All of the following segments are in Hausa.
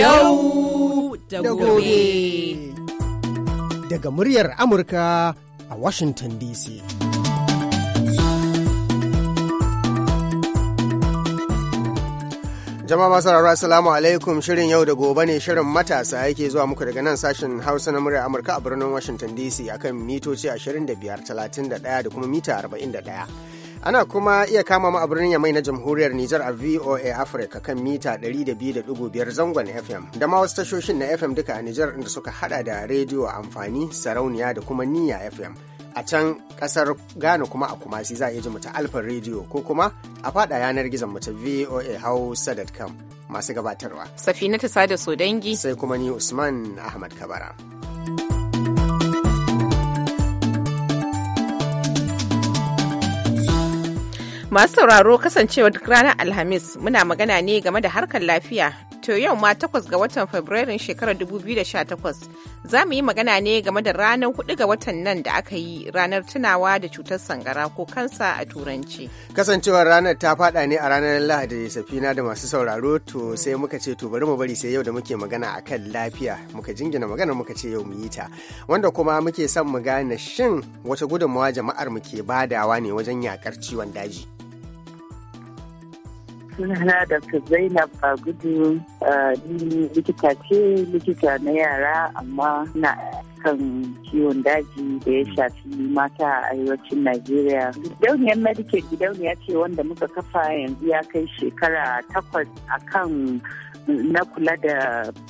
Yau da gobe. Daga muryar Amurka a Washington DC. Jama'a masu rarra Assalamu alaikum shirin yau da gobe ne shirin matasa yake zuwa muku daga nan sashen Hausa na murya Amurka a birnin Washington DC akan mitoci 25, 31 da kuma mita 41. Ana kuma iya kama mu a birnin Yamai na Jamhuriyar Nijar a VOA Africa kan mita 200.5 zangon FM da ma wasu tashoshin na FM duka a Nijar da suka hada da rediyo amfani, sarauniya da kuma niyya FM. A can kasar Ghana kuma a Kumasi za a iya ji mu ta Alfa rediyo, ko kuma a fada yanar gizon mutum VOA Hausa.com masu gabatarwa. Safina ta sada Sodangi. Sai kuma ni Usman Ahmad Kabara. Masu sauraro kasancewa duk ranar Alhamis muna magana ne game da harkar lafiya. To yau ma takwas ga watan Fabrairun shekarar 2018 za mu yi magana ne game da ranar hudu ga watan nan da aka yi ranar tunawa da cutar sangara ko kansa a turanci. Kasancewar ranar ta fada ne a ranar Lahadi da safina da masu sauraro to sai muka ce to bari mu bari sai yau da muke magana akan lafiya muka jingina magana muka ce yau mu yi ta wanda kuma muke son mu gane shin wata gudunmawa jama'ar mu ke badawa ne wajen yakar ciwon daji. sunana Dr. Zainab Fagudu gudu ah, likita ce likita na yara amma na kan ciwon daji da ya shafi mata a arewacin Najeriya. Gidauniyar Medicaid gidauniya ce wanda muka kafa yanzu ya kai shekara takwas a kan na kula da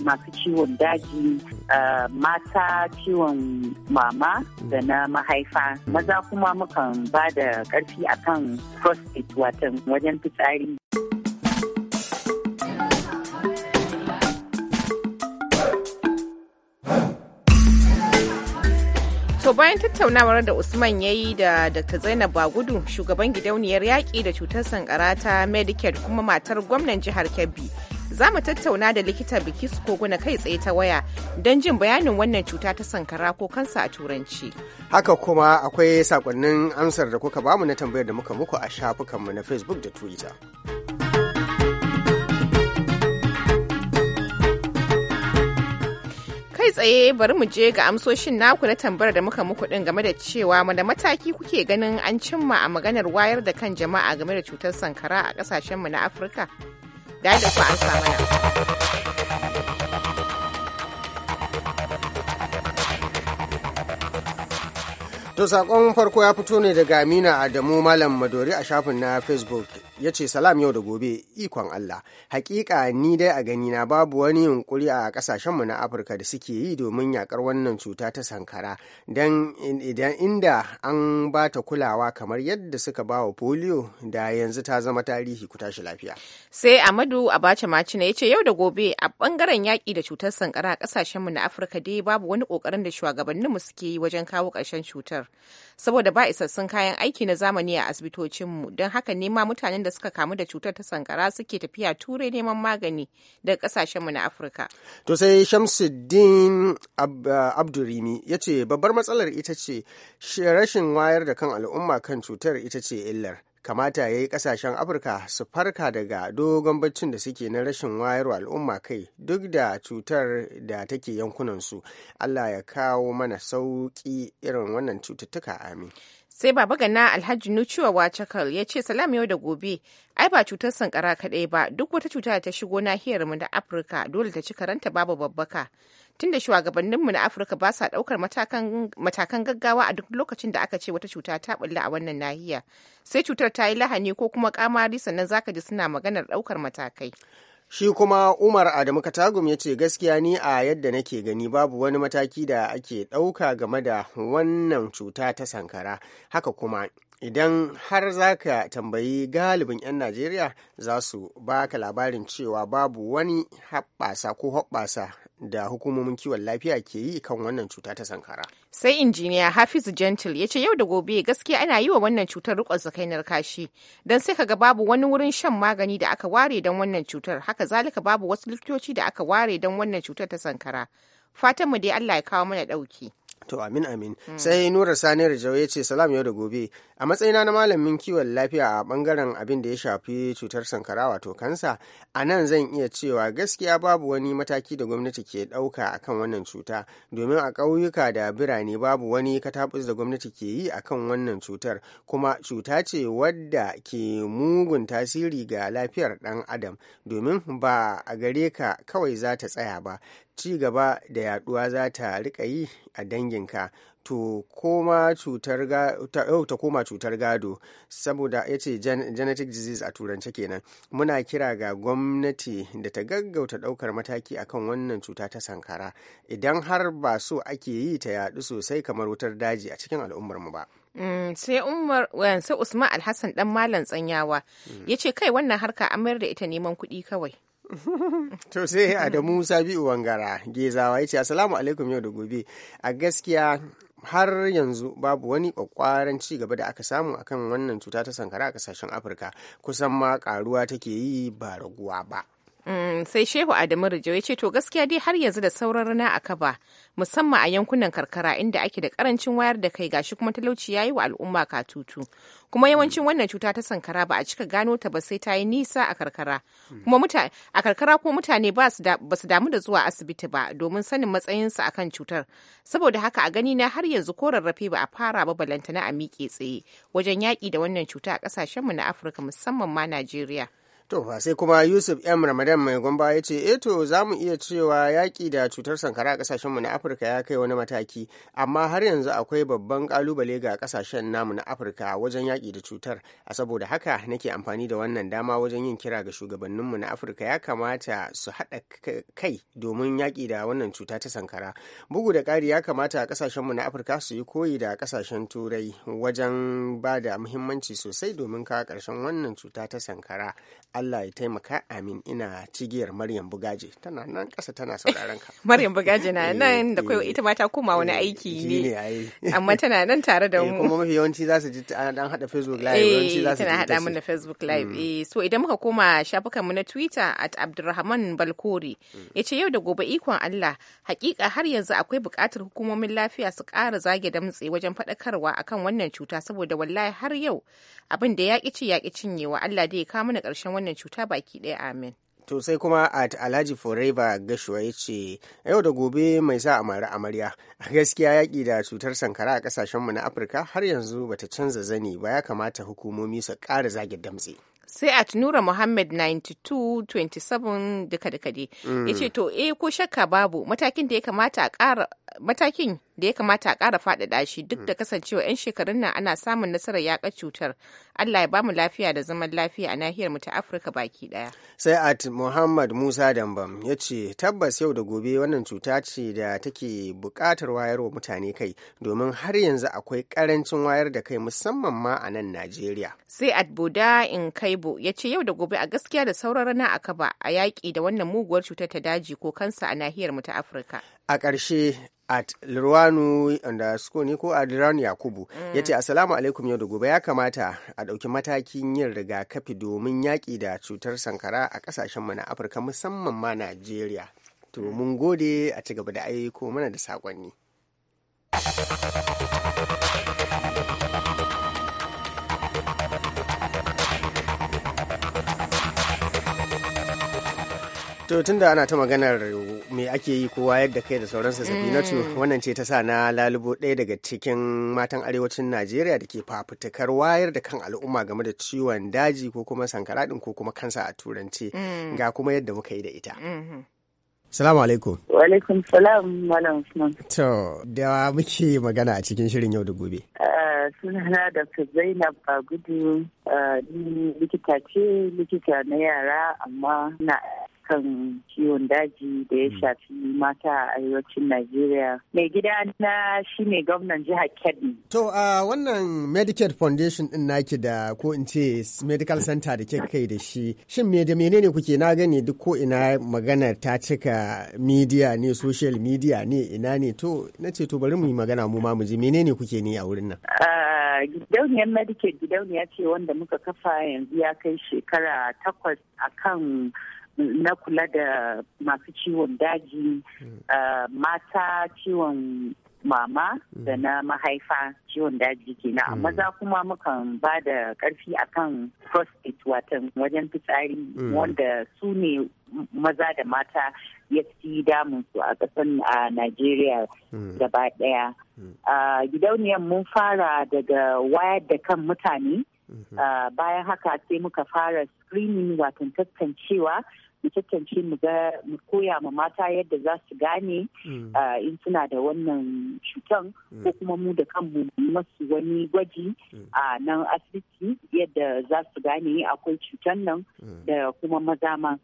masu ciwon daji ah, mata ciwon mama da na mahaifa maza kuma mukan ba da karfi akan prostate watan wajen fitsari To bayan tattaunawar da Usman ya yi da Dr. Zainab Bagudu, shugaban gidauniyar yaƙi da cutar sankara ta Medicare kuma matar gwamnan jihar Kebbi, za mu tattauna da likita Bikis Koguna kai tsaye ta waya don jin bayanin wannan cuta ta sankara ko kansa a turanci. Haka kuma akwai sakonnin amsar da kuka bamu na tambayar da muka muku a shafukanmu na Facebook da Twitter. kai tsaye bari mu je ga amsoshin naku na tambara da muka muku din game da cewa wanda mataki kuke ganin an cimma a maganar wayar da kan jama'a game da cutar sankara a kasashenmu na afirka da da ku an mana. to sakon farko ya fito ne daga amina adamu malam madori a shafin na facebook ya ce salam yau da gobe ikon Allah hakika ni dai a gani na babu wani yunkuri a kasashenmu na Afirka da suke yi domin yakar wannan cuta ta sankara dan idan inda an ba ta kulawa kamar yadda suka ba wa polio da yanzu ta zama tarihi ku tashi lafiya sai Amadu Abacha Macina ya ce yau da gobe a bangaren yaki da cutar sankara a kasashenmu na Afirka dai babu wani kokarin da shugabanninmu suke yi wajen kawo ƙarshen cutar saboda ba isassun kayan aiki na zamani a asibitocinmu don haka nema mutanen da suka kamu da cutar ta sankara suke tafiya turai neman magani daga mu na afirka to sai shamsuddin abdurimi ya ce babbar matsalar ita ce rashin wayar da kan al'umma kan cutar ita ce illar kamata ya yi kasashen afirka su farka daga dogon baccin da suke na rashin wayarwa al'umma kai duk da cutar da take yankunansu allah ya kawo mana sauki irin wannan cututtuka amin sai baba gana alhaji nuciwa wacakal ya ce salam yau da gobe ai ba cutar sankara kaɗai ba duk wata cuta da ta shigo nahiyar mu da afirka dole ta ci karanta babu babbaka tunda shugabanninmu na afirka ba sa daukar matakan gaggawa a duk lokacin da aka ce wata cuta ta bulla a wannan nahiya sai cutar ta yi lahani ko kuma kamari sannan zaka ji suna maganar daukar matakai shi kuma umar adamu katagum ya ce gaskiya ni a yadda nake gani babu wani mataki da ake dauka game da wannan cuta ta sankara haka kuma idan har za ka tambayi galibin 'yan najeriya za su baka labarin cewa babu wani haɓɓasa ko haɓɓasa. da hukumomin kiwon lafiya ke yi kan wannan cuta ta sankara. Sai injiniya Hafizu Gentle ya ce yau da gobe gaskiya ana yi wa wannan cutar rikon zakainar kashi don sai kaga babu wani wurin shan magani da aka ware don wannan cutar haka zalika babu wasu likitoci da aka ware don wannan cutar ta sankara. Fatanmu dai Allah ya kawo mana ɗauki. to amin amin sai nura sani rajau ya ce salam yau da gobe a matsayina na malamin kiwon lafiya a bangaren abin da ya shafi cutar sankara wato kansa a nan zan iya cewa gaskiya babu wani mataki da gwamnati ke dauka akan wannan cuta domin a ƙauyuka da birane babu wani katabus da gwamnati ke yi akan wannan cutar kuma cuta ce wadda ke mugun tasiri ga lafiyar dan adam domin ba a gare ka kawai za ta tsaya ba ci gaba da yaduwa za ta rika yi a danginka to koma cutar oh, ta koma cutar gado saboda ya ce genetic disease a turance kenan muna kira ga gwamnati da ta gaggauta daukar mataki akan wannan cuta ta sankara idan har ba so ake yi ta yadu sosai kamar wutar daji a cikin al'ummarmu ba mm, sai umar eh, sai usman alhassan dan malam tsanyawa mm. ya ce kai wannan harka an mayar da ita neman kuɗi kawai to sai musa Sabi'u Wangara Gezawa ya ce asalamu alaikum yau da gobe a gaskiya har yanzu babu wani kwakwaran ci gaba da aka samu akan wannan cuta ta sankara a kasashen Afirka kusan ma karuwa take yi ba raguwa ba. Mm, sai shehu adamu rijo ya ce to gaskiya dai har yanzu da sauran rana a kaba musamman a yankunan karkara inda ake da karancin wayar da kai gashi kuma talauci ya yi wa al'umma katutu kuma yawancin wannan cuta ta sankara ba a cika gano ta ba sai ta yi nisa a karkara kuma mutane a karkara kuma mutane ba su damu da zuwa asibiti ba domin sanin matsayinsu akan cutar saboda haka a gani na har yanzu ko rarrafe ba a fara ba balantana a miƙe tsaye wajen yaƙi da wannan cuta a ƙasashenmu na afirka musamman ma najeriya To ba sai kuma Yusuf M. Ramadan mai gwamba ya ce, "E to za mu iya cewa yaƙi da cutar sankara a ƙasashenmu na Afirka ya kai wani mataki, amma har yanzu akwai babban ƙalubale ga ƙasashen namu na Afirka wajen yaƙi da cutar. A saboda haka nake amfani da wannan dama wajen yin kira ga shugabanninmu na Afirka ya kamata su haɗa kai domin yaƙi da wannan cuta ta sankara. Bugu da ƙari ya kamata ƙasashenmu na Afirka su yi koyi da ƙasashen Turai wajen ba da muhimmanci sosai domin kawo ƙarshen wannan cuta ta sankara. Allah ya taimaka amin ina cigiyar Maryam Bugaje tana nan ƙasa tana sauraron ka. Maryam Bugaje na eh, nan da kai eh. ita ma ta koma wani eh, aiki ne. Amma tana nan tare da mu. Kuma mafi yawanci za su ji an hada Facebook live yawanci za su tana hada mun da Facebook live. Mm. Eh so idan muka koma shafukan mu na Twitter at Abdulrahman Balkori mm. yace yau da gobe ikon Allah hakika har yanzu akwai buƙatar hukumomin lafiya su ƙara zage damtse wajen faɗakarwa akan wannan cuta saboda wallahi har yau abin da ya ƙi ci ya cinyewa Allah dai ya kawo mana ƙarshen wannan wannan cuta baki ɗaya amin to sai kuma at alhaji forever gashuwa ya ce yau da gobe mai sa amari amarya a gaskiya yaƙi da cutar sankara a ƙasashenmu na afirka har yanzu bata canza zani ba ya kamata hukumomi su ƙara zage damtse sai at nura muhammad 92-27 duka duka dai mm. ya ce to eh ko shakka babu matakin da ya kamata a ƙara matakin da ya kamata a kara faɗaɗa shi duk hmm. da kasancewa 'yan shekarun nan ana samun nasarar yaƙa cutar allah ya ba mu lafiya da zaman lafiya a nahiyar mu ta afirka baki ɗaya sai at muhammad musa dambam ya ce tabbas yau da gobe wannan cuta ce da take buƙatar wayar wa mutane kai domin har yanzu akwai karancin wayar da kai musamman ma a nan najeriya sai at boda in kaibo ya ce yau da gobe a gaskiya da sauran rana a kaba a yaƙi da wannan muguwar cutar ta daji ko kansa a nahiyar mu ta afirka a ƙarshe at lirwanu suko ne ko adrian yakubu mm. ya ce asalamu alaikum yau da gobe ya kamata a ɗauki matakin yin rigakafi domin yaƙi da cutar sankara a ƙasashen na afirka musamman ma najeriya to mm. mun gode a ci gaba da aiko mana da saƙonni to da ana ta maganar me ake yi kowa yadda kai da sauransa safinatu mm. wannan ce ta sa na lalubo ɗaya daga cikin matan arewacin najeriya da ke fafutukar wayar da kan al'umma game da ciwon daji ko kuma sankara ko kuma kansa a turance mm. ga kuma yadda muka yi da ita mm-hmm. Salamu alaikum. Wa alaikum salam malam To, da muke magana a cikin shirin yau da gobe. Ah, sunana Dr. Zainab Bagudu, gudu ah, likita ce, likita na yara amma na kan ciwon daji da ya hmm. shafi mata a arewacin Najeriya. Mai gida na shi ne gwamnan jihar Kebbi. To a wannan Medicaid Foundation din naki da ko in ce Medical Center da ke kai da shi. Shin me da menene kuke na gani duk ko ina magana ta cika media ne social media ne ina ne to na ce to bari mu yi magana mu ma mu ji menene kuke ne a wurin nan. gidauniyar Medicaid gidauniya ce wanda muka kafa yanzu ya kai shekara takwas akan na kula da masu ciwon daji mm. eh, mata ciwon mama mm. da na mahaifa ciwon daji kenan amma maza kuma mukan ba da karfi akan prostate watan wajen fitsari mm. wanda su ne maza da mata ya fi damun su a kasan a Najeriya gaba daya. Gidauniyar mun fara daga wayar da kan mutane mm-hmm. eh, bayan haka sai muka fara screening watan tantancewa mu tattance mu ga mu koya ma mata yadda za su gane mm. ah, in suna da wannan cutan mm. ko kuma mu da kanmu masu wani gwaji mm. a nan asibiti yadda za su gane akwai cutan nan da kuma maza ma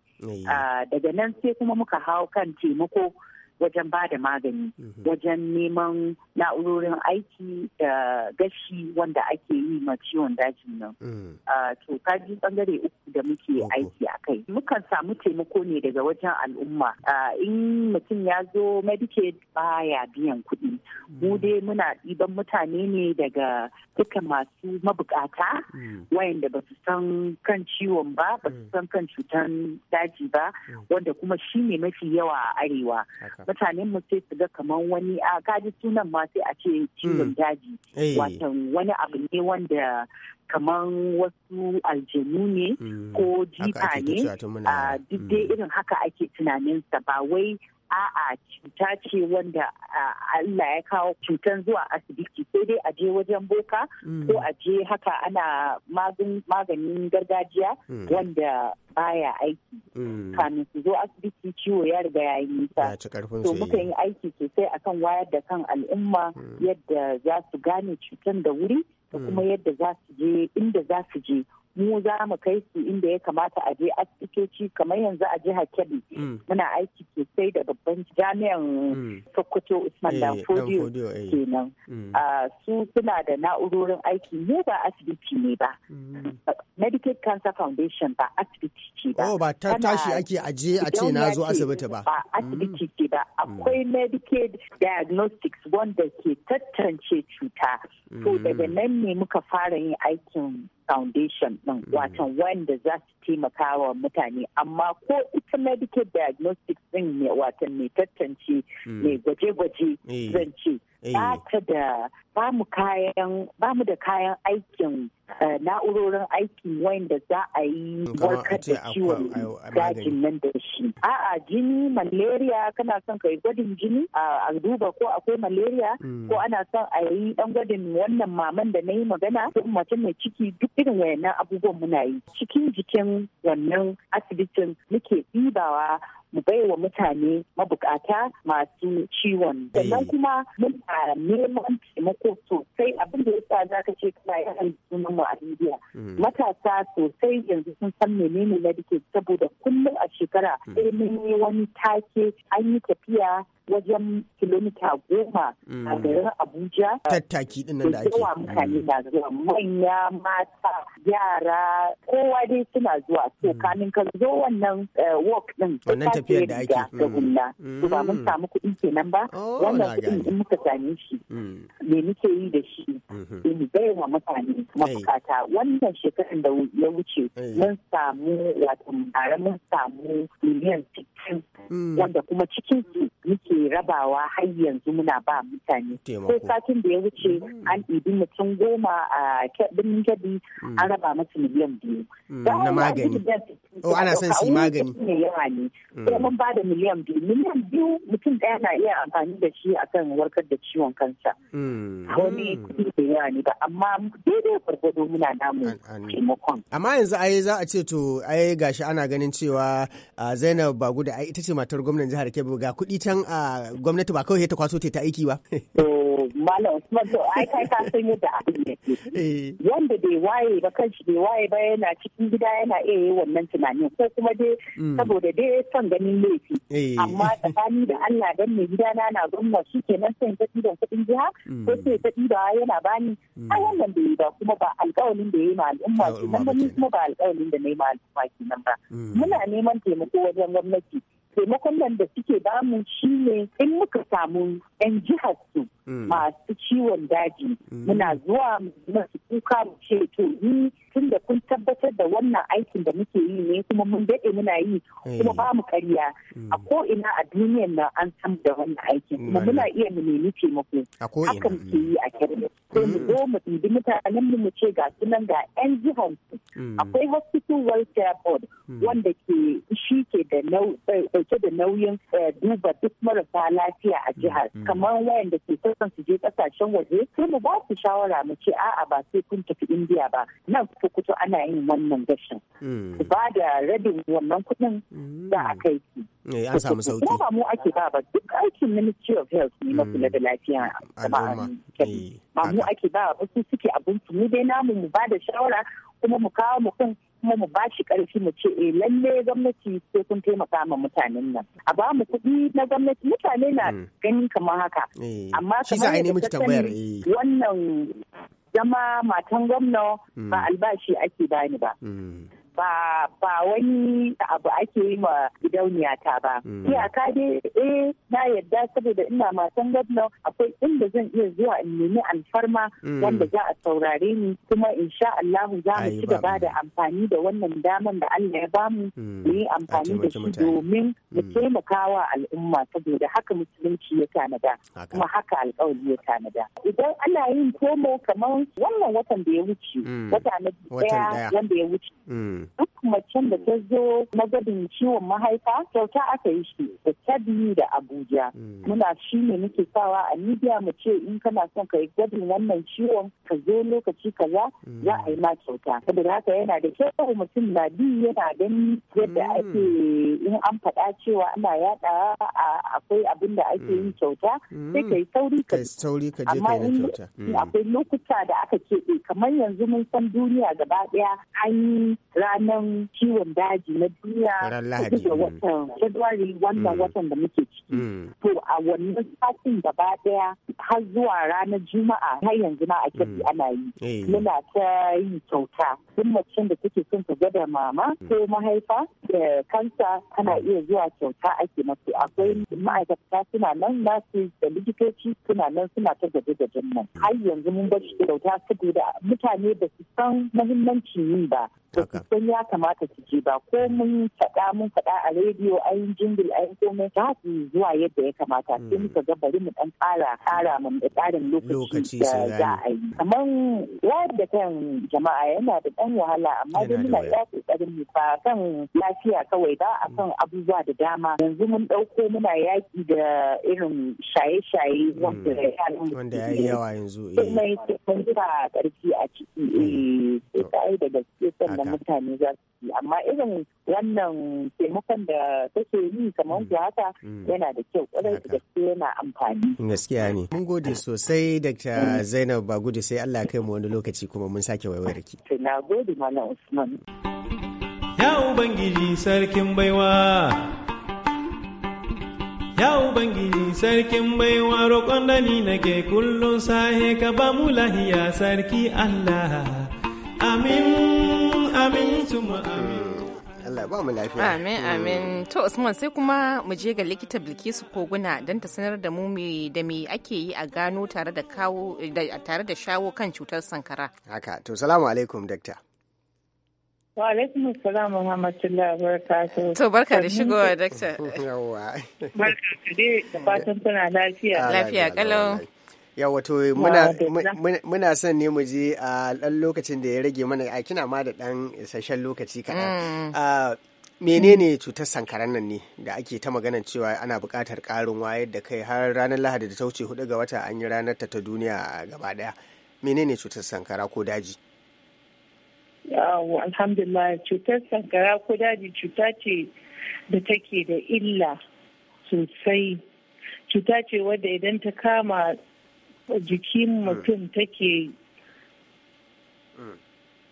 ah, daga nan sai kuma muka hau kan taimako wajen ba da magani mhm. wajen neman na'urorin aiki da gashi wanda ake yi ma ciwon daji nan mm. ah, to kaji bangare uku da muke aiki a kai mukan samu taimako ne daga wajen al'umma ah, in mutum ya zo medicaid baya biyan kuɗi mu mm. dai muna ɗiban mutane ne daga duka masu mabukata mm. wayanda ba su san kan ciwon ba ba su san kan cutan daji ba wanda kuma shi ne mafi yawa a arewa mutanen mu sai su ga kaman wani a kaji sunan ma sai a ce ciwon hmm. daji eh. watan wani abu ne wanda kaman wasu aljanu ne hmm. ko jifa ne a duk dai hmm. irin haka ake tunaninsa ba wai a'a cuta ce wanda Allah ya kawo cutan zuwa asibiti sai dai a je wajen boka mm. ko a je haka ana maganin gargajiya mm. wanda baya aiki mm. kamin su zo asibiti ciwo ya riga ya yi nisa to muka eh. yi aiki sosai akan wayar da kan al'umma yadda za su gane cutan da wuri da kuma yadda za su je inda za su je mu za mu kai su inda ya kamata a je asibitoci kamar yanzu a jihar Kebbi mm. muna aiki sosai da babban jami'an mm. Sokoto Usman eh, Danfodiyo eh. kenan mm. ah, su suna da na'urorin aiki mu ba asibiti ne ba Medicaid Cancer Foundation ba asibiti ce ba oh, ba ta tashi ake aje a ce na zo asibiti ba ba asibiti ce ba akwai Medicaid Diagnostics wanda ke tattance cuta to daga nan ne muka fara yin aikin foundation ɗin mm-hmm. watan wanda za su taimaka wa mutane amma ko ita medical diagnostics ɗin ne watan mai tantance mm. mai gwaje-gwaje eh. zan ce Eh. ba ta da mu da kayan aikin eh, na'urorin aikin wanda za a yi warkar da ciwon dajin nan da shi a'a jini malaria kana son ka yi gwadin jini a duba ko akwai malaria hmm. ko ana son a yi dan gwadin wannan maman da na yi magana ko mace mai ciki duk irin wayannan abubuwan muna yi cikin jikin wannan asibitin muke ɗibawa mu baiwa mutane mabukata masu ciwon eh. sannan kuma muna neman taimako sosai abin da yasa za ka ce kana yaran sunan mu a indiya hmm. matasa sosai yanzu sun san menene diki. saboda kullum a shekara hmm. sai mun yi wani take an yi tafiya wajen kilomita goma hmm. a garin Abuja. Tattaki din nan da ake. Yawa mutane na zuwa manya mata yara kowa dai suna zuwa so kamin ka zo wannan eh, walk din. tafiyar da ake da to mm. ba mun mm. samu kuɗi kenan ba oh, wannan kuɗin in muka same shi mm. me muke yi da shi mm-hmm. in bai wa mutane mafukata wannan shekaran da ya wuce mun samu wato mara mun samu miliyan cikin wanda kuma cikin su muke rabawa har yanzu muna ba mutane Ko satin da ya wuce an ɗibi mutum goma a birnin gabi an raba masu miliyan biyu na magani oh, ana son su magani yawa ne sai mun ba da miliyan biyu miliyan biyu mutum ɗaya na iya amfani da shi akan warkar da ciwon kansa hmm. wani kudi da yawa ne ba amma daidai gwargwado muna namu taimakon amma yanzu ai za a ce to ai gashi ana ganin cewa Zainab Baguda ai ita ce matar gwamnan jihar Kebbi ga kuɗi can a gwamnati ba kawai ta kwaso ta aiki ba to malam kuma ai kai ka san yadda abin yake eh. wanda bai waye ba kanshi bai waye ba yana cikin gida yana iya yi wannan tunanin ko kuma dai mm. saboda dai son ganin laifi eh. amma tsakani da Allah dan mai gida na na gwamna shi kenan sai ta ɗiban kuɗin jiha mm. ko sai ta ɗiba yana bani mm. ai wannan bai ba kuma ba alƙawarin da ya yi ma al'umma ba kuma ba alƙawarin da na yi ma al'umma kenan ba muna neman taimako wajen gwamnati taimakon nan da suke bamu shine in muka samu 'yan jihar su mm. masu ciwon daji mm. muna zuwa masu kuka mu ce to ni tun da kun tabbatar da wannan aikin da muke yi ne kuma mun daɗe muna yi mm. kuma ba mu karya a ko ina a duniyan nan an san da wannan aikin kuma muna iya mu nemi taimako haka muke yi a kirmi sai mu zo mu ɗibi mutanen mu mu ce ga sunan ga 'yan jihar su Hmm. akwai hospital welfare board hmm. wanda ke shi ke da dauke eh, da nauyin eh, duba duk marasa lafiya a jihar hmm. kamar wayanda ke sassan su je kasashen waje sai mu ba su shawara mu ce a'a ba sai kun tafi indiya ba nan kuto ana yin wannan gashin ku ba da rabin wannan kuɗin da aka yi ki eh, an samu sauki. Ba mu ake ba ba duk aikin Ministry of Health ne na kula da lafiya ba mu ake ba ba su suke abinci mu dai namu mu ba da shawara kuma mu kawo mutum kuma mu ba shi karfi mu ce eh lalle gwamnati sai kun taimaka ma mutanen nan a ba mu kuɗi na gwamnati mutane na mm. ganin kamar haka eh. amma kamar eh. wannan zama matan gwamna ba mm. albashi ake bani ba mm. ba ba wani abu ake yi ma gidauniya ta ba mm. iyaka dai eh na yadda saboda ina matan gwamna akwai inda zan iya zuwa in nemi alfarma mm. wanda za a saurare ni kuma insha Allah za mu ci gaba da amfani da wannan daman da Allah ya bamu mm. mu yi amfani da shi domin mu taimaka wa al'umma saboda haka musulunci ya tanada kuma haka alƙawari ya tanada idan ana yin komo kamar wannan watan da ya wuce wata na daya wanda ya wuce duk macen da ta zo magadin ciwon mahaifa kyauta aka yi shi da tabi da abuja hmm. muna shi ne muke sawa a media mu ce in kana son ka yi gwajin wannan ciwon ka zo lokaci kaza hmm. za a yi ma kyauta saboda haka yana da kyau mutum na bi yana gani yadda hmm. ake in an faɗa cewa ana yada akwai abin da ake yin kyauta sai ka yi sauri ka je ka yi kyauta akwai lokuta da aka ce kamar yanzu mun san duniya gaba ɗaya an yi ranar ciwon daji na duniya da mm. watan february wannan mm. watan da muke ciki mm. to a wannan satin gaba daya har zuwa ranar juma'a har yanzu na a kirki ana yi eh. muna ta yi kyauta duk macen da take son ta gwada mama ko mahaifa da kansa ana iya zuwa kyauta ake masu akwai ma'aikata suna nan nasu da likitoci suna nan suna ta gwaje da nan har yanzu mun bar kyauta saboda mutane ba su san muhimmancin yin ba haka. Sun ya kamata su ji ba ko mun faɗa mun faɗa a rediyo ayin jingil ayin komai za su zuwa yadda ya kamata sai hmm. muka ga bari mu ɗan ƙara ƙara mu da tsarin lokaci da za a yi. Kamar wayar da kan jama'a yana da ɗan wahala amma dai muna iya ƙoƙarin mu ba kan lafiya kawai ba a kan hmm. abubuwa da dama yanzu mun ɗauko muna yaƙi da irin shaye-shaye hmm. wanda ya yi yawa yanzu. Kuma mun eh. ƙarfi a ciki. Eh, da gaske. da mutane za su yi amma irin wannan taimakon da kake yi kamar ku haka mm. Mm. yana da kyau kwarai da gaske yana amfani gaskiya ne mun gode sosai dr zainab bagudu sai allah kai mu wani lokaci kuma mun sake waiwayar ki na gode mana usman ya ubangiji sarkin baiwa Ya Ubangiji sarkin baiwa roƙon da ni nake kullum sahe ka ba mu lahiya sarki Allah. Amin, amin, tuma amin. Allah ba mu lafiya. Amin, amin. To Usman sai kuma mu je ga likita Bilkisu Koguna don ta sanar da mu da me ake yi a gano tare da kawo tare da shawo kan cutar sankara. Haka, to salamu alaikum dakta. Wa alaikum assalam wa rahmatullahi wa barakatuh. To barka da shigowa dakta. Yawwa. Barka da fatan kuna lafiya. Ah, lafiya kalau. ya wato muna son ne mu je a ɗan lokacin da ya rage mana a kina ma da ɗan isasshen lokaci kaɗan mm. menene cutar sankaran nan ne da ake ta maganar cewa ana buƙatar ƙarin wayar da kai har ranar lahadi da ta wuce hudu ga wata an yi ranar ta ta duniya gaba ɗaya menene cutar sankara ko daji yawo alhamdulillah cutar sankara ko daji cuta ce da take da illa sosai cuta ce wadda idan ta kama jikin eh. mutum take eh.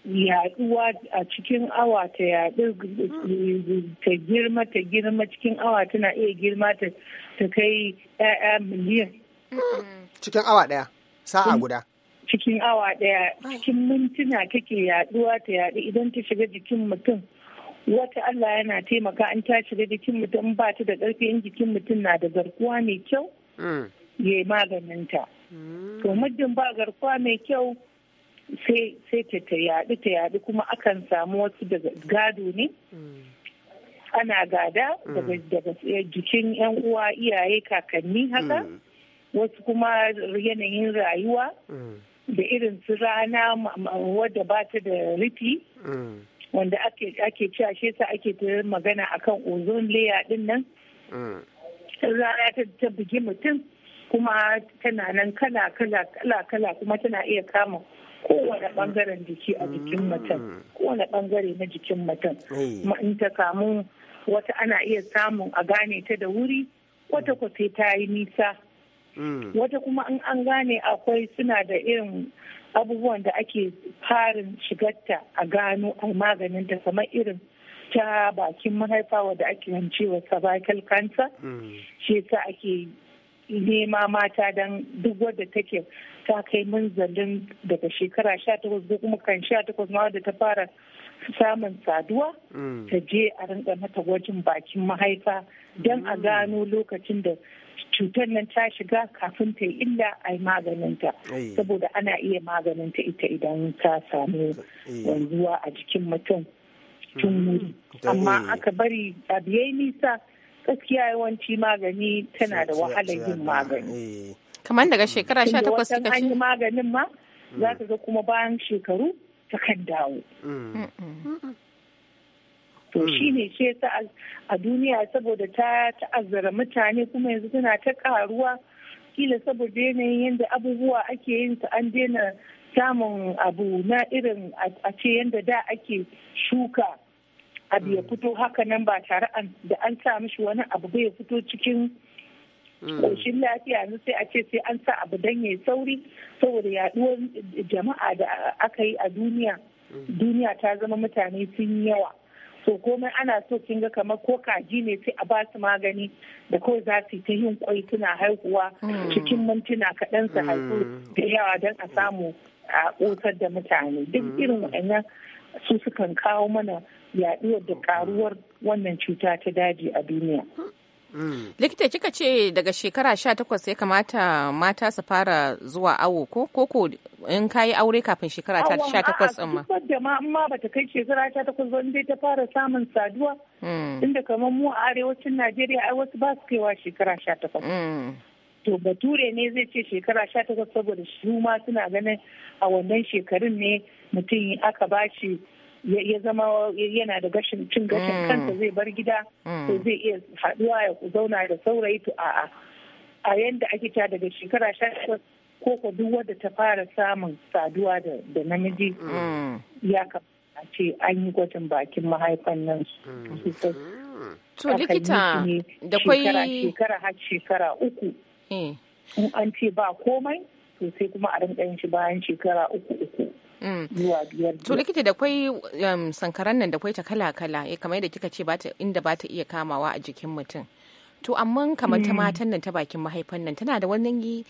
yaduwa a cikin awa ta yadu ta girma ta girma cikin awa tana iya girma ta kai ya'ya miliyan cikin awa ɗaya sa'a guda cikin awa ɗaya, cikin mintuna take yaduwa ta yadu idan ta shiga jikin mutum wata Allah yana taimaka an ta shiga jikin mutum ba ta da ƙarfi in jikin mutum na da garkuwa mai kyau hmm. ya yi maganinta. to muddin ba garkuwa mai kyau sai ta yaɗu ta yaɗu kuma akan samu wasu daga gado ne ana gada daga mm. jikin 'yan uwa iyaye kakanni haka mm. wasu kuma yanayin rayuwa mm. da irin su rana wadda ba ta da rufi wanda ake cewa shi sa ake ta magana akan ozone layer din nan rana ta bugi mutum kuma tana nan kala kala kala kala kuma tana iya kama kowane bangaren jiki a jikin mm. mutum kowane bangare na jikin mutum kuma in ta kamu wata ana iya samun a gane ta da wuri wata ko sai ta yi nisa mm. wata kuma in an gane akwai suna da irin abubuwan da ake farin shigarta a gano a maganin ta kamar irin ta bakin mahaifa wadda ake hancewa cervical cancer mm. shi yasa ake nema mata don duk wadda take ta kai munzalin daga shekara sha takwas ko kuma kan sha takwas ma wadda ta fara samun saduwa mm. ta je a rinka mata gwajin bakin mahaifa don a mm. gano lokacin da cutar nan ta shiga kafin ta yi illa a yi maganinta eh. saboda ana iya maganinta ita idan ta samu eh. wanzuwa a jikin mutum tun mm. wuri eh. amma aka bari abu nisa gaskiya yawanci magani tana da wahalar yin magani eh. kamar daga shekara sha takwas kika ce an maganin ma mm. za ka ga kuma bayan shekaru ta kan dawo mm. Mm. to shi ne ce ta a duniya saboda ta ta'azzara mutane kuma yanzu tana ta karuwa kila saboda yanayin yadda abubuwa ake yin su an daina samun abu na irin a ce yadda da ake shuka abu ya mm. fito haka nan ba tare da an sa mishi wani abu bai fito cikin koshin mm. lafiya na sai a ce sai an sa abu dan ya sauri saboda yaduwar jama'a da aka yi a duniya mm. duniya ta zama mutane sun yawa so komai ana so kin ga kamar ko kaji ne sai a ba su magani da kawai za su ta yin kwai tuna haihuwa cikin mintuna kaɗan su haihu da yawa don a samu a ƙotar da mutane duk irin wa'annan su sukan kawo mana yaɗuwar da karuwar wannan cuta ta daji a duniya. Likita kika ce daga shekara sha takwas ya kamata mata su fara zuwa awo ko ko in kayi aure kafin shekara ta sha takwas ma. Awo da ma amma ta kai shekara sha takwas ba dai ta fara samun saduwa. Inda hmm. kamar mu a arewacin Najeriya ai wasu ba su kaiwa shekara sha takwas. Hmm. To bature ne zai ce shekara sha takwas saboda su ma suna ganin a wannan shekarun ne mutum aka bashi ya zama yana da gashin cin gashin mm. kanta zai bar gida to mm. zai iya haɗuwa ya zauna da saurayi to a'a a yanda ake ta daga shekara sha ko ko duk wadda ta fara samun saduwa da namiji mm. ya kamata ce an yi gwajin bakin mahaifan nan to likita da kwai shekara har shekara uku eh. in an ce ba komai to sai kuma a rinka yin shi bayan shekara uku uku Mm. zuwa biyar to likita da kwai um, sankaran nan da kwai ta kala kala eh, kamar yadda kika ce inda ba ta iya kamawa a jikin mutum to amma kamar ta mm. matan nan ta bakin mahaifan nan tana da yi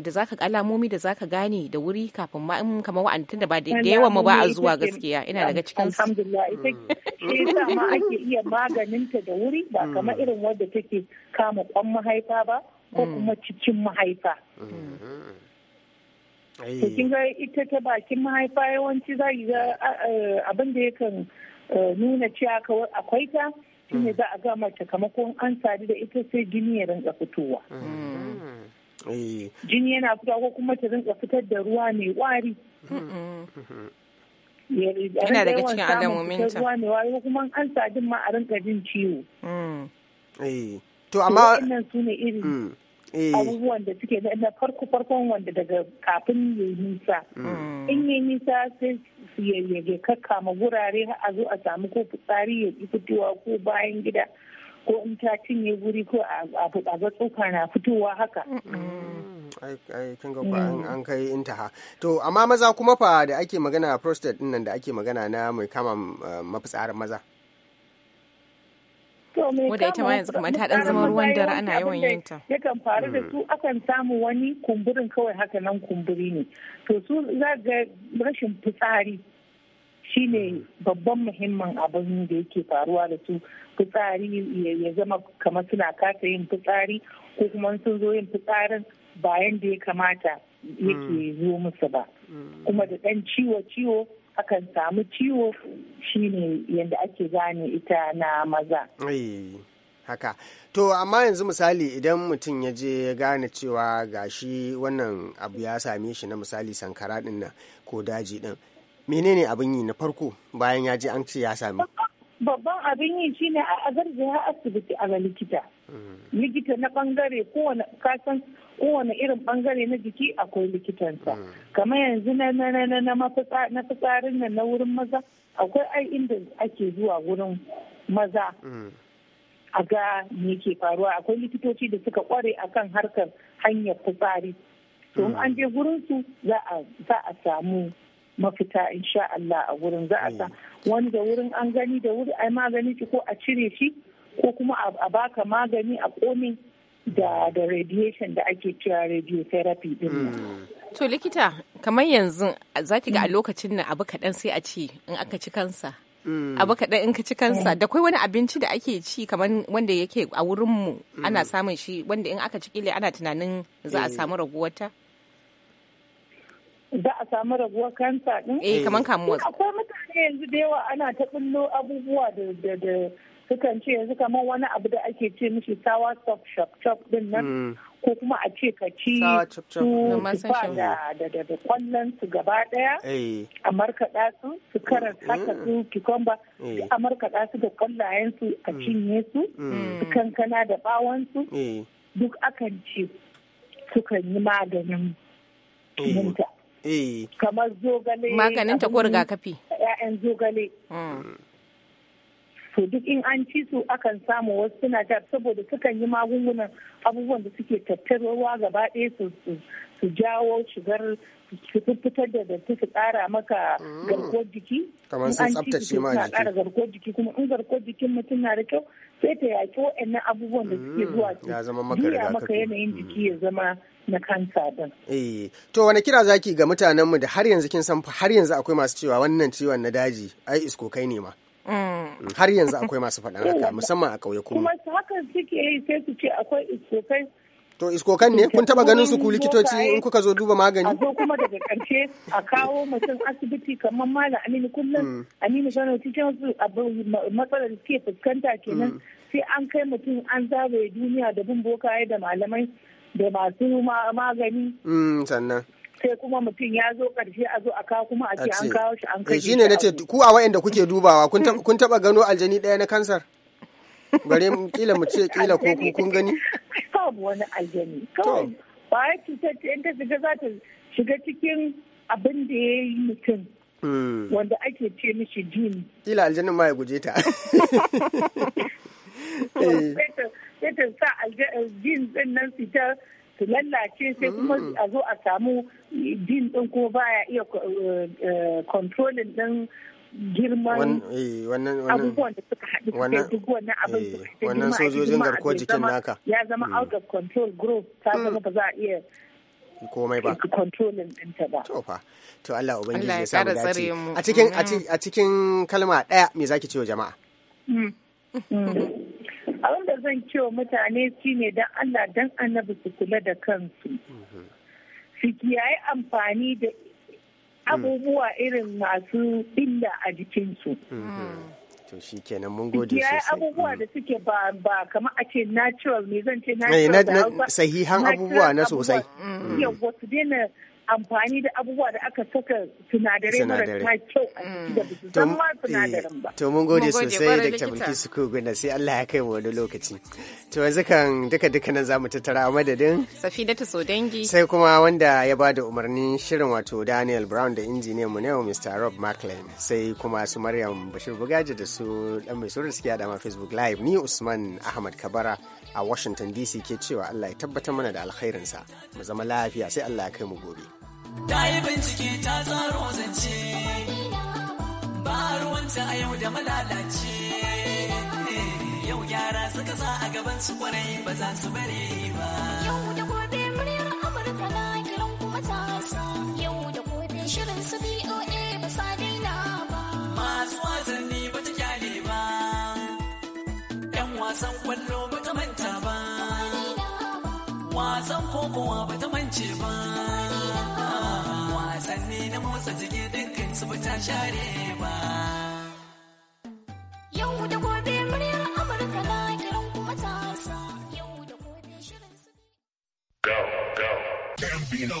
da zaka alamomi da zaka gane da wuri kafin ma in wa'an tun da ba da yawa mu ba a zuwa gaskiya ina daga cikin alhamdulillah ita mm. ma ake iya ta da wuri ba kamar irin wadda take kama kwan mahaifa ba ko kuma cikin mahaifa kin ga ita ta bakin mahaifa yawanci za yi abin da yakan eh, nuna cewa akwai ta shine za a gama mace kamakon an sadu da ita sai jini ya rinka fitowa mm-hmm. Mm-hmm. jini yana fitowa ko kuma ta rinka fitar da ruwa mai wari mm-hmm. yana daga cikin alamominta ruwa mai wari ko kuma an sadu ma a rinka jin ciwo mm. eh. to amma su ne irin mm. Eh. abubuwan da suke na farko farkon wanda daga kafin ya yi nisa mm. in ya nisa sai ya kakkama wurare a zo a samu ko fitsari ya ji fitowa ko bayan gida ko in ta cinye wuri ko a ga tsoka na fitowa haka mm. mm. an kai intaha to amma maza kuma fa da ake magana prostate din nan da ake magana na mai kama eh, mafitsarin maza wadda ita ma yanzu kuma ta dan zama ruwan dare ana yawan yin ta yakan faru da su hmm. akan samu wani kumburin kawai haka nan kumburi ne to su za ga rashin fitsari shine hmm. babban muhimmin abin da yake faruwa da su fitsari ya zama kamar suna kasa yin fitsari ko kuma sun zo yin fitsarin bayan da ya kamata yake hmm. zo musu ba kuma da dan ciwo ciwo akan samu ciwo shine yadda ake gane ita na maza. Eh, haka to amma yanzu misali idan mutum ya je ya gane cewa gashi wannan abu ya same shi na misali sankara din nan ko daji din menene abin yi na farko bayan ya je an ce ya sami babban abin yi shine a garzaya asibiti a ga likita hmm. likita na bangare kowane kasan kowane irin bangare na jiki akwai likitansa hmm. kamar yanzu na na na nan na wurin maza akwai ai inda ake zuwa wurin maza hmm. a ga me ke faruwa akwai likitoci da suka kware akan harkar hanyar fitsari to an hmm. je gurin su za a samu mafita insha Allah a wurin za a sa wani da wurin an gani da wuri ai magani ko a cire shi ko kuma a baka magani a komai da da radiation da ake cewa radiotherapy din hmm. to likita kamar yanzu zaki ga a hmm. lokacin nan abu kaɗan sai a ci in aka ci kansa hmm. abu kaɗan in ka ci kansa da kai wani abinci da ake ci kamar wanda yake a wurinmu ana samun shi wanda in aka ci kile ana tunanin za a eh. samu raguwata za a samu raguwa kansa din eh kamar eh. kamuwa akwai mutane yanzu da yawa ana ta ɓullo abubuwa da da sukan ce yanzu kamar wani abu da ake ce mishi sawa stop shop shop din nan mm. ko kuma a ce ka ci su ba da kwallon su gaba daya eh. a markaɗa su su karar haka su mm. cucumber eh. a markaɗa su da kwallayen su a mm. cinye su su kankana da bawon su eh. duk akan ce sukan yi maganin kamar zogale maganin ta ko rigakafi 'ya'yan zogale to duk in an ci su akan samu wasu suna da saboda sukan yi magungunan abubuwan da suke tattarowa gaba ɗaya su su jawo shigar su fitar da da su ƙara maka mm. garkuwar jiki kamar sun tsaftace ma jiki ƙara garkuwar jiki kuma in garkuwar jikin mutum na da kyau sai ta yaƙi waɗannan abubuwan da suke zuwa mm. su biya maka yanayin mm. jiki ya zama na kansa din. Eh, to wani kira zaki ga mutanenmu da har yanzu kin san har yanzu akwai masu cewa wannan ciwon na daji ai iskokai ne ma. Mm. har yanzu akwai masu faɗan haka musamman a ƙauye kuma haka suke yi sai su ce akwai iskokai to iskokan ne kun taba ganin su ku likitoci in kuka zo duba magani a kuma daga karshe a kawo mutum asibiti kamar mala aminu kullum mm. aminu sanar cikin su matsalar ke fuskanta kenan mm. sai an kai mutum an zagaye duniya da bin bokaye da malamai da masu magani sannan sai kuma mutum ya zo karshe a zo a kawo kuma a ce an kawo shi an kai shi ne nace ku a wayanda kuke dubawa kun taba gano aljani daya na kansar bare kila mu ce kila ko kun gani babu wani aljani kawai ba ya cutar ta shiga za ta shiga cikin abin da ya yi mutum hmm. wanda ake ce mishi jini kila aljanin ma ya guje ta eh. sai ta sa aljin din nan fitar su lallace sai kuma mm. a zo a samu din din kuma baya iya eh, controlling din girman eh, abubuwan da suka haɗu suke duk wannan abin eh, wannan sojojin garkuwar jikin naka ya zama mm. out of control group ta mm. zama ba za a iya komai ba. Kontrolin To fa, to Allah Ubangiji ya samu dace. A cikin a cikin kalma ɗaya me zaki ce wa jama'a? abin da zan cewa mutane shine don allah don annabi su kula da kansu su kiyaye amfani da abubuwa irin masu illa a jikinsu to shi kenan mun gode sosai abubuwa mm. da suke ba ba kamar a ce natural ne zan ce eh, natural sahihan abubuwa na sosai yawa mm. su dena amfani da abubuwa da aka saka sinadarai marasa kyau a da mm. su sinadarin ba. To mun gode sosai da na sai Allah ya kai mu wani lokaci. To yanzu kan duka duka nan zamu tattara a madadin. taso dangi. Sai kuma wanda ya ba da umarnin shirin wato Daniel Brown da injiniyan mu ne Mr. Rob Macklin sai kuma su Maryam Bashir Bugaji da su dan mai surin suke da ma Facebook Live ni Usman Ahmad Kabara a Washington DC ke cewa Allah ya tabbatar mana da alkhairinsa mu zama lafiya sai Allah ya kai mu gobe. ta yi bincike ta tsaro zance ba ruwanta a yau da malalace yau gyara suka sa a gaban su kwarai ba za su bare ba yau da gobe muryar amurka na kiran kuma ta sa. yau da gobe shirin su boa ba sa daina ba masu wasanni ba ta kyale ba yan wasan kwallo ba ta manta ba wasan kokowa ba ta mance ba na motsa jiki dukkan su ba ta share ba. Yau da gobe muryar Amurka na kiran kuma ta sa. Yau da gobe shirin su. Go, go.